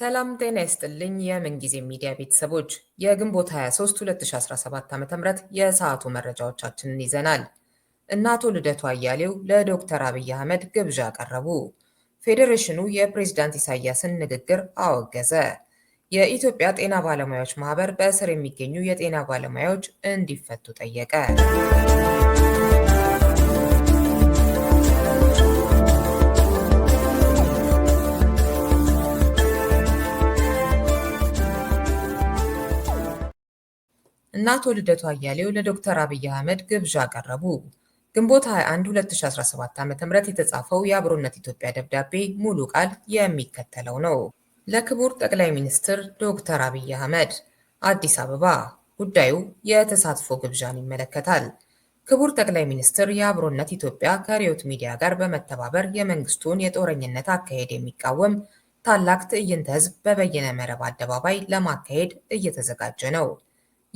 ሰላም ጤና ይስጥልኝ። የምንጊዜ ሚዲያ ቤተሰቦች የግንቦት 23 2017 ዓ.ም የሰዓቱ መረጃዎቻችንን ይዘናል። እነ አቶ ልደቱ አያሌው ለዶክተር አብይ አህመድ ግብዣ አቀረቡ። ፌዴሬሽኑ የፕሬዝዳንት ኢሳያስን ንግግር አወገዘ። የኢትዮጵያ ጤና ባለሙያዎች ማህበር በእስር የሚገኙ የጤና ባለሙያዎች እንዲፈቱ ጠየቀ። እና አቶ ልደቱ አያሌው ለዶክተር አብይ አህመድ ግብዣ አቀረቡ። ግንቦት 21 2017 ዓ.ም የተጻፈው የአብሮነት ኢትዮጵያ ደብዳቤ ሙሉ ቃል የሚከተለው ነው። ለክቡር ጠቅላይ ሚኒስትር ዶክተር አብይ አህመድ አዲስ አበባ። ጉዳዩ የተሳትፎ ግብዣን ይመለከታል። ክቡር ጠቅላይ ሚኒስትር የአብሮነት ኢትዮጵያ ከሪዮት ሚዲያ ጋር በመተባበር የመንግስቱን የጦረኝነት አካሄድ የሚቃወም ታላቅ ትዕይንተ ህዝብ በበየነ መረብ አደባባይ ለማካሄድ እየተዘጋጀ ነው።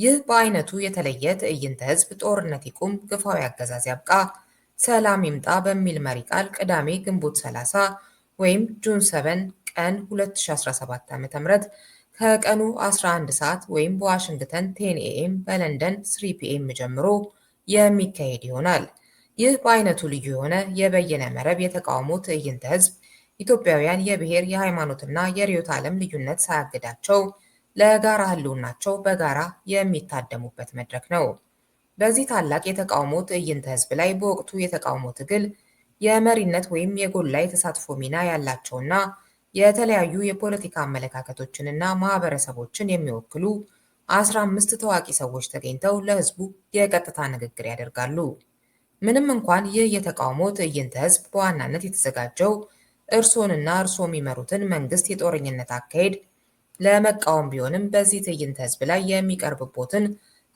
ይህ በዓይነቱ የተለየ ትዕይንተ ሕዝብ ጦርነት ይቁም፣ ግፋዊ አገዛዝ ያብቃ፣ ሰላም ይምጣ በሚል መሪ ቃል ቅዳሜ ግንቦት 30 (ጁን 7) ቀን 2017 ዓ.ም ከቀኑ 11 ሰዓት (በዋሽንግተን 10 ኤ.ኤም፣ በለንደን 3 ፒ.ኤም) ጀምሮ የሚካሄድ ይሆናል። ይህ በዓይነቱ ልዩ የሆነ የበየነ መረብ የተቃውሞ ትዕይንተ ሕዝብ ኢትዮጵያውያን የብሔር፣ የሃይማኖትና የርዕዮተ ዓለም ልዩነት ሳያግዳቸው ለጋራ ህልውናቸው በጋራ የሚታደሙበት መድረክ ነው። በዚህ ታላቅ የተቃውሞ ትዕይንተ ህዝብ ላይ በወቅቱ የተቃውሞ ትግል የመሪነት ወይም የጎላ የተሳትፎ ሚና ያላቸውና የተለያዩ የፖለቲካ አመለካከቶችንና ማህበረሰቦችን የሚወክሉ አስራ አምስት ታዋቂ ሰዎች ተገኝተው ለህዝቡ የቀጥታ ንግግር ያደርጋሉ። ምንም እንኳን ይህ የተቃውሞ ትዕይንተ ህዝብ በዋናነት የተዘጋጀው እርስዎንና እርስዎ የሚመሩትን መንግስት የጦረኝነት አካሄድ ለመቃወም ቢሆንም በዚህ ትዕይንተ ህዝብ ላይ የሚቀርብቦትን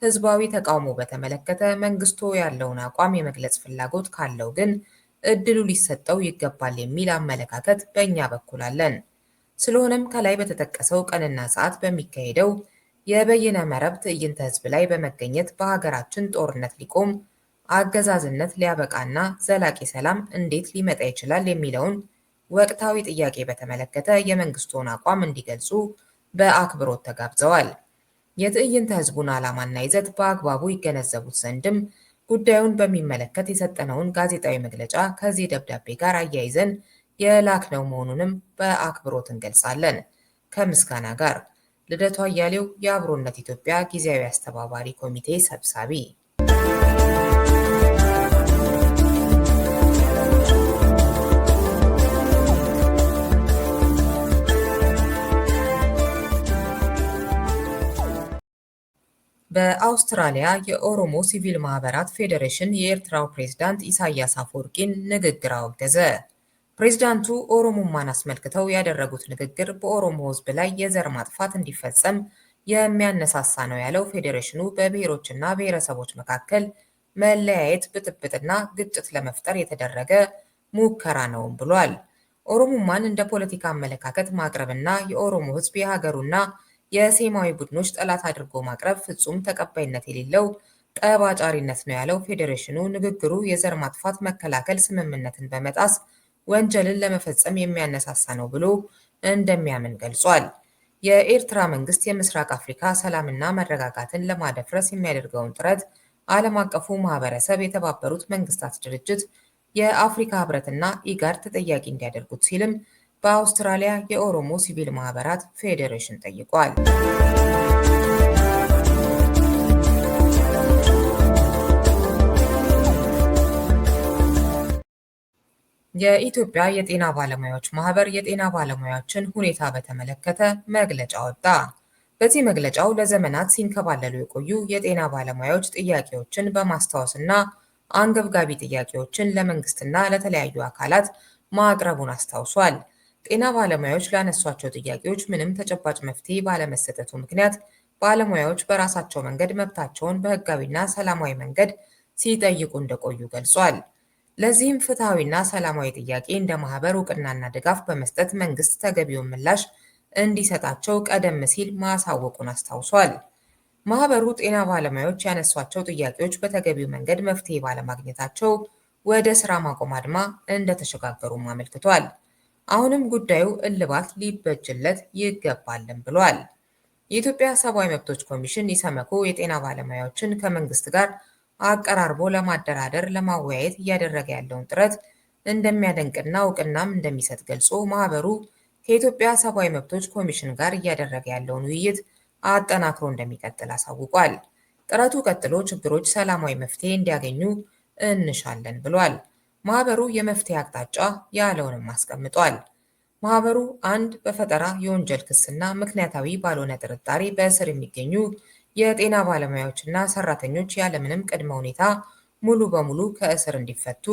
ህዝባዊ ተቃውሞ በተመለከተ መንግስቱ ያለውን አቋም የመግለጽ ፍላጎት ካለው ግን እድሉ ሊሰጠው ይገባል የሚል አመለካከት በእኛ በኩል አለን። ስለሆነም ከላይ በተጠቀሰው ቀንና ሰዓት በሚካሄደው የበይነ መረብ ትዕይንተ ህዝብ ላይ በመገኘት በሀገራችን ጦርነት ሊቆም አገዛዝነት ሊያበቃና ዘላቂ ሰላም እንዴት ሊመጣ ይችላል የሚለውን ወቅታዊ ጥያቄ በተመለከተ የመንግስቱን አቋም እንዲገልጹ በአክብሮት ተጋብዘዋል። የትዕይንተ ህዝቡን ዓላማና ይዘት በአግባቡ ይገነዘቡት ዘንድም ጉዳዩን በሚመለከት የሰጠነውን ጋዜጣዊ መግለጫ ከዚህ ደብዳቤ ጋር አያይዘን የላክነው መሆኑንም በአክብሮት እንገልጻለን። ከምስጋና ጋር ልደቱ አያሌው፣ የአብሮነት ኢትዮጵያ ጊዜያዊ አስተባባሪ ኮሚቴ ሰብሳቢ የአውስትራሊያ የኦሮሞ ሲቪል ማህበራት ፌዴሬሽን የኤርትራው ፕሬዝዳንት ኢሳያስ አፈወርቂን ንግግር አወገዘ። ፕሬዝዳንቱ ኦሮሞማን አስመልክተው ያደረጉት ንግግር በኦሮሞ ሕዝብ ላይ የዘር ማጥፋት እንዲፈጸም የሚያነሳሳ ነው ያለው ፌዴሬሽኑ በብሔሮችና ብሔረሰቦች መካከል መለያየት፣ ብጥብጥና ግጭት ለመፍጠር የተደረገ ሙከራ ነውም ብሏል። ኦሮሞማን እንደ ፖለቲካ አመለካከት ማቅረብና የኦሮሞ ሕዝብ የሀገሩና የሴማዊ ቡድኖች ጠላት አድርጎ ማቅረብ ፍጹም ተቀባይነት የሌለው ጠባጫሪነት ነው ያለው ፌዴሬሽኑ፣ ንግግሩ የዘር ማጥፋት መከላከል ስምምነትን በመጣስ ወንጀልን ለመፈጸም የሚያነሳሳ ነው ብሎ እንደሚያምን ገልጿል። የኤርትራ መንግስት የምስራቅ አፍሪካ ሰላምና መረጋጋትን ለማደፍረስ የሚያደርገውን ጥረት ዓለም አቀፉ ማህበረሰብ፣ የተባበሩት መንግስታት ድርጅት፣ የአፍሪካ ህብረትና ኢጋድ ተጠያቂ እንዲያደርጉት ሲልም በአውስትራሊያ የኦሮሞ ሲቪል ማህበራት ፌዴሬሽን ጠይቋል። የኢትዮጵያ የጤና ባለሙያዎች ማህበር የጤና ባለሙያዎችን ሁኔታ በተመለከተ መግለጫ ወጣ። በዚህ መግለጫው ለዘመናት ሲንከባለሉ የቆዩ የጤና ባለሙያዎች ጥያቄዎችን በማስታወስና አንገብጋቢ ጥያቄዎችን ለመንግስትና ለተለያዩ አካላት ማቅረቡን አስታውሷል። ጤና ባለሙያዎች ላነሷቸው ጥያቄዎች ምንም ተጨባጭ መፍትሄ ባለመሰጠቱ ምክንያት ባለሙያዎች በራሳቸው መንገድ መብታቸውን በህጋዊና ሰላማዊ መንገድ ሲጠይቁ እንደቆዩ ገልጿል። ለዚህም ፍትሐዊና ሰላማዊ ጥያቄ እንደ ማህበር እውቅናና ድጋፍ በመስጠት መንግስት ተገቢውን ምላሽ እንዲሰጣቸው ቀደም ሲል ማሳወቁን አስታውሷል። ማህበሩ ጤና ባለሙያዎች ያነሷቸው ጥያቄዎች በተገቢው መንገድ መፍትሄ ባለማግኘታቸው ወደ ስራ ማቆም አድማ እንደተሸጋገሩም አመልክቷል። አሁንም ጉዳዩ እልባት ሊበጅለት ይገባልም ብሏል። የኢትዮጵያ ሰብአዊ መብቶች ኮሚሽን ኢሰመኮ የጤና ባለሙያዎችን ከመንግስት ጋር አቀራርቦ ለማደራደር ለማወያየት እያደረገ ያለውን ጥረት እንደሚያደንቅና እውቅናም እንደሚሰጥ ገልጾ ማህበሩ ከኢትዮጵያ ሰብአዊ መብቶች ኮሚሽን ጋር እያደረገ ያለውን ውይይት አጠናክሮ እንደሚቀጥል አሳውቋል። ጥረቱ ቀጥሎ ችግሮች ሰላማዊ መፍትሄ እንዲያገኙ እንሻለን ብሏል። ማህበሩ የመፍትሄ አቅጣጫ ያለውንም አስቀምጧል። ማህበሩ አንድ በፈጠራ፣ የወንጀል ክስና ምክንያታዊ ባልሆነ ጥርጣሬ በእስር የሚገኙ የጤና ባለሙያዎችና ሰራተኞች ያለምንም ቅድመ ሁኔታ ሙሉ በሙሉ ከእስር እንዲፈቱ።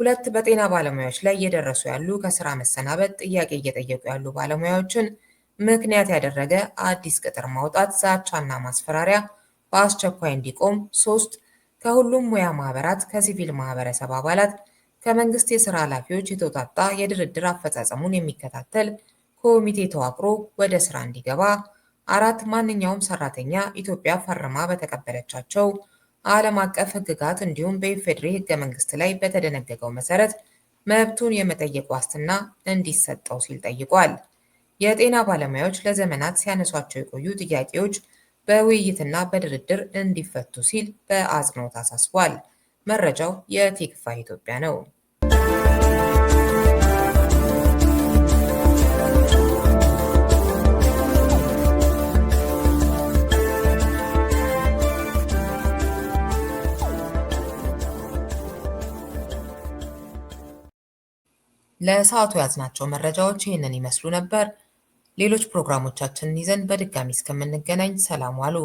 ሁለት በጤና ባለሙያዎች ላይ እየደረሱ ያሉ ከስራ መሰናበት ጥያቄ እየጠየቁ ያሉ ባለሙያዎችን ምክንያት ያደረገ አዲስ ቅጥር ማውጣት፣ ዛቻና ማስፈራሪያ በአስቸኳይ እንዲቆም። ሶስት ከሁሉም ሙያ ማህበራት፣ ከሲቪል ማህበረሰብ አባላት ከመንግስት የስራ ኃላፊዎች የተውጣጣ የድርድር አፈጻጸሙን የሚከታተል ኮሚቴ ተዋቅሮ ወደ ስራ እንዲገባ አራት ማንኛውም ሰራተኛ ኢትዮጵያ ፈርማ በተቀበለቻቸው ዓለም አቀፍ ህግጋት እንዲሁም በኢፌዴሪ ህገ መንግስት ላይ በተደነገገው መሰረት መብቱን የመጠየቅ ዋስትና እንዲሰጠው ሲል ጠይቋል። የጤና ባለሙያዎች ለዘመናት ሲያነሷቸው የቆዩ ጥያቄዎች በውይይትና በድርድር እንዲፈቱ ሲል በአጽንኦት አሳስቧል። መረጃው የቲክቫህ ኢትዮጵያ ነው። ለሰዓቱ ያዝናቸው መረጃዎች ይህንን ይመስሉ ነበር። ሌሎች ፕሮግራሞቻችንን ይዘን በድጋሚ እስከምንገናኝ ሰላም ዋሉ።